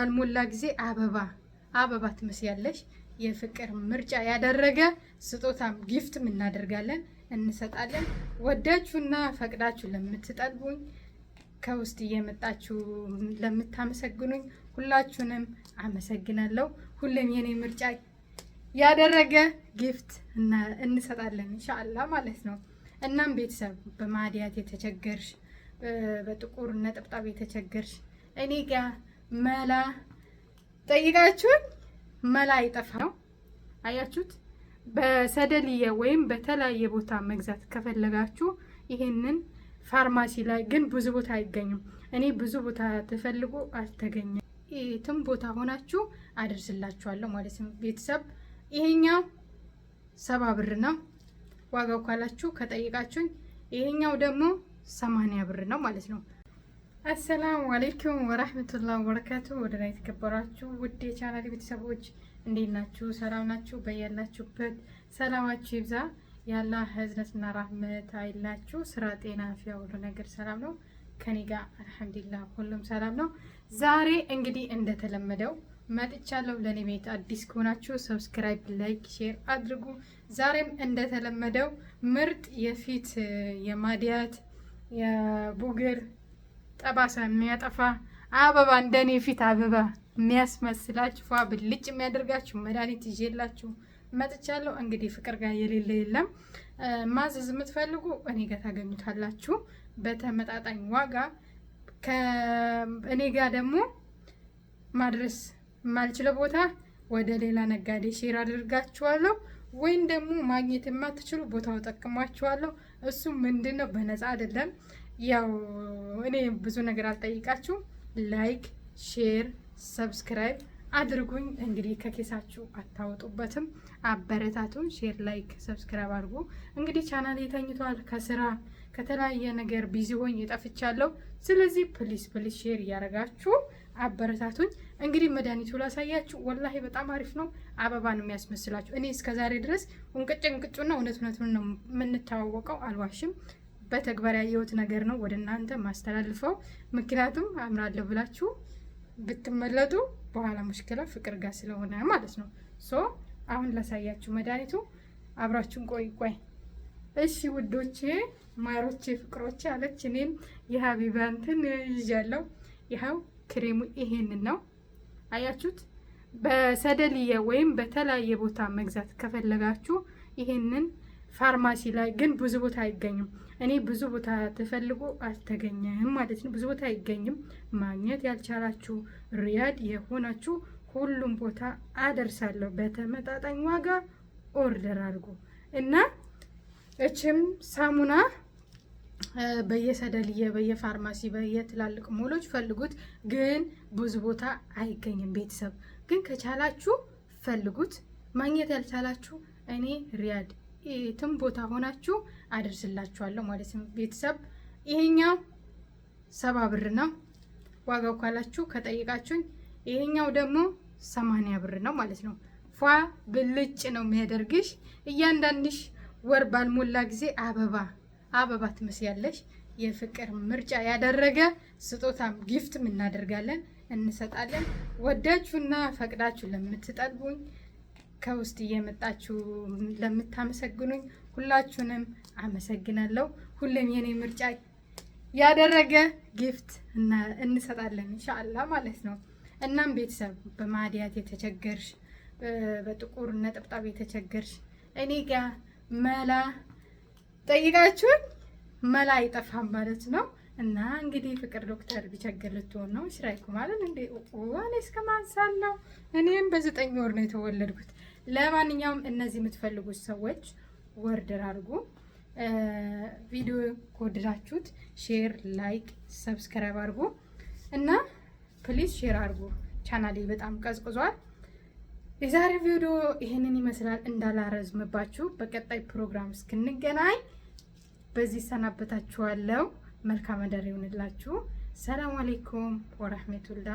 አልሞላ ጊዜ አበባ አበባ ትመስያለሽ። የፍቅር ምርጫ ያደረገ ስጦታም ጊፍትም እናደርጋለን እንሰጣለን። ወዳችሁና ፈቅዳችሁ ለምትጠልቡኝ ከውስጥ እየመጣችሁ ለምታመሰግኑኝ ሁላችሁንም አመሰግናለሁ። ሁሌም የኔ ምርጫ ያደረገ ጊፍት እንሰጣለን እንሻላ ማለት ነው። እናም ቤተሰብ በማዲያት የተቸገርሽ፣ በጥቁር ነጠብጣብ የተቸገርሽ እኔ ጋር መላ ጠይቃችሁን መላ አይጠፋ ነው። አያችሁት? በሰደልየ ወይም በተለያየ ቦታ መግዛት ከፈለጋችሁ ይሄንን ፋርማሲ ላይ ግን ብዙ ቦታ አይገኙም። እኔ ብዙ ቦታ ተፈልጎ አልተገኘም። የትም ቦታ ሆናችሁ አደርስላችኋለሁ ማለት ነው። ቤተሰብ ይሄኛው ሰባ ብር ነው ዋጋው ካላችሁ ከጠይቃችሁኝ፣ ይሄኛው ደግሞ ሰማንያ ብር ነው ማለት ነው። አሰላሙ አሌይኩም ወራህመቱላህ ወበረካቱ። ወደና የተከበራችሁ ውድ የቻናል ቤተሰቦች እንዴት ናችሁ? ሰላም ናችሁ? በያላችሁበት ሰላማችሁ ይብዛ። የአላህ እዝነትና ራህመት አይላችሁ። ስራ፣ ጤና፣ አፍያ ሁሉ ነገር ሰላም ነው። ከኔ ጋር አልሐምዱሊላህ ሁሉም ሰላም ነው። ዛሬ እንግዲህ እንደተለመደው መጥቻለሁ። ለእኔ ቤት አዲስ ከሆናችሁ ሰብስክራይብ፣ ላይክ፣ ሼር አድርጉ። ዛሬም እንደተለመደው ምርጥ የፊት የማዲያት የቡግር ጠባሳ የሚያጠፋ አበባ እንደኔ ፊት አበባ የሚያስመስላችሁ ፏ ብልጭ የሚያደርጋችሁ መድኃኒት ይዤላችሁ መጥቻለሁ። እንግዲህ ፍቅር ጋር የሌለ የለም። ማዘዝ የምትፈልጉ እኔ ጋር ታገኙታላችሁ በተመጣጣኝ ዋጋ። እኔ ጋር ደግሞ ማድረስ የማልችለው ቦታ ወደ ሌላ ነጋዴ ሼር አድርጋችኋለሁ ወይም ደግሞ ማግኘት የማትችሉ ቦታው ጠቅሟችኋለሁ። እሱ ምንድን ነው በነፃ አይደለም። ያው እኔ ብዙ ነገር አልጠይቃችሁም። ላይክ፣ ሼር፣ ሰብስክራይብ አድርጉኝ። እንግዲህ ከኬሳችሁ አታወጡበትም። አበረታቱን። ሼር፣ ላይክ፣ ሰብስክራይብ አድርጉ። እንግዲህ ቻናል የተኝቷል። ከስራ ከተለያየ ነገር ቢዚ ሆኝ ጠፍቻለሁ። ስለዚህ ፕሊስ ፕሊስ ሼር እያደረጋችሁ አበረታቱኝ። እንግዲህ መድኃኒቱ ላሳያችሁ። ወላሂ በጣም አሪፍ ነው። አበባ ነው የሚያስመስላችሁ። እኔ እስከዛሬ ድረስ እንቅጭ እንቅጩና እውነት እውነቱን ነው የምንተዋወቀው። አልዋሽም። በተግባር ያየሁት ነገር ነው ወደ እናንተ ማስተላልፈው። ምክንያቱም አምራለሁ ብላችሁ ብትመለጡ በኋላ ሙሽክላ ፍቅር ጋር ስለሆነ ማለት ነው። ሶ አሁን ላሳያችሁ መድኃኒቱ። አብራችሁን ቆይ ቆይ። እሺ ውዶቼ፣ ማሮቼ፣ ፍቅሮቼ አለች። እኔም የሀቢባ እንትን ይዣለሁ። ይኸው ክሬሙ ይሄንን ነው አያችሁት። በሰደልየ ወይም በተለያየ ቦታ መግዛት ከፈለጋችሁ ይሄንን ፋርማሲ ላይ ግን ብዙ ቦታ አይገኝም። እኔ ብዙ ቦታ ተፈልጎ አልተገኘም ማለት ነው። ብዙ ቦታ አይገኝም። ማግኘት ያልቻላችሁ ሪያድ የሆናችሁ ሁሉም ቦታ አደርሳለሁ። በተመጣጣኝ ዋጋ ኦርደር አድርጉ እና እችም ሳሙና በየሰደልየ በየፋርማሲ በየትላልቅ ሞሎች ፈልጉት፣ ግን ብዙ ቦታ አይገኝም። ቤተሰብ ግን ከቻላችሁ ፈልጉት። ማግኘት ያልቻላችሁ እኔ ሪያድ የትም ቦታ ሆናችሁ አደርስላችኋለሁ ማለት ነው። ቤተሰብ ይሄኛው ሰባ ብር ነው ዋጋው ካላችሁ ከጠይቃችሁኝ፣ ይሄኛው ደግሞ ሰማንያ ብር ነው ማለት ነው። ፏ ብልጭ ነው የሚያደርግሽ። እያንዳንድሽ ወር ባልሞላ ጊዜ አበባ አበባ ትመስያለሽ። የፍቅር ምርጫ ያደረገ ስጦታም ጊፍትም እናደርጋለን እንሰጣለን። ወዳችሁና ፈቅዳችሁ ለምትጠልቡኝ ከውስጥ እየመጣችሁ ለምታመሰግኑኝ ሁላችሁንም አመሰግናለሁ። ሁሌም የኔ ምርጫ ያደረገ ጊፍት እንሰጣለን እንሻአላ ማለት ነው። እናም ቤተሰብ በማዲያት የተቸገርሽ፣ በጥቁር ነጠብጣብ የተቸገርሽ እኔ ጋር መላ ጠይቃችሁን መላ አይጠፋም ማለት ነው። እና እንግዲህ ፍቅር ዶክተር ቢቸግር ልትሆን ነው። ስራይኩ ማለት እንዴ ዋኔ እስከ ነው። እኔም በዘጠኝ ወር ነው የተወለድኩት። ለማንኛውም እነዚህ የምትፈልጉት ሰዎች ወርደር አድርጉ። ቪዲዮ ከወደዳችሁት ሼር፣ ላይክ፣ ሰብስክራይብ አድርጉ እና ፕሊዝ ሼር አድርጉ። ቻናሌ በጣም ቀዝቅዟል። የዛሬ ቪዲዮ ይህንን ይመስላል። እንዳላረዝምባችሁ በቀጣይ ፕሮግራም እስክንገናኝ በዚህ ሰናበታችኋለሁ። መልካም አዳር ይሆንላችሁ። ሰላም አሌይኩም ወራህመቱላ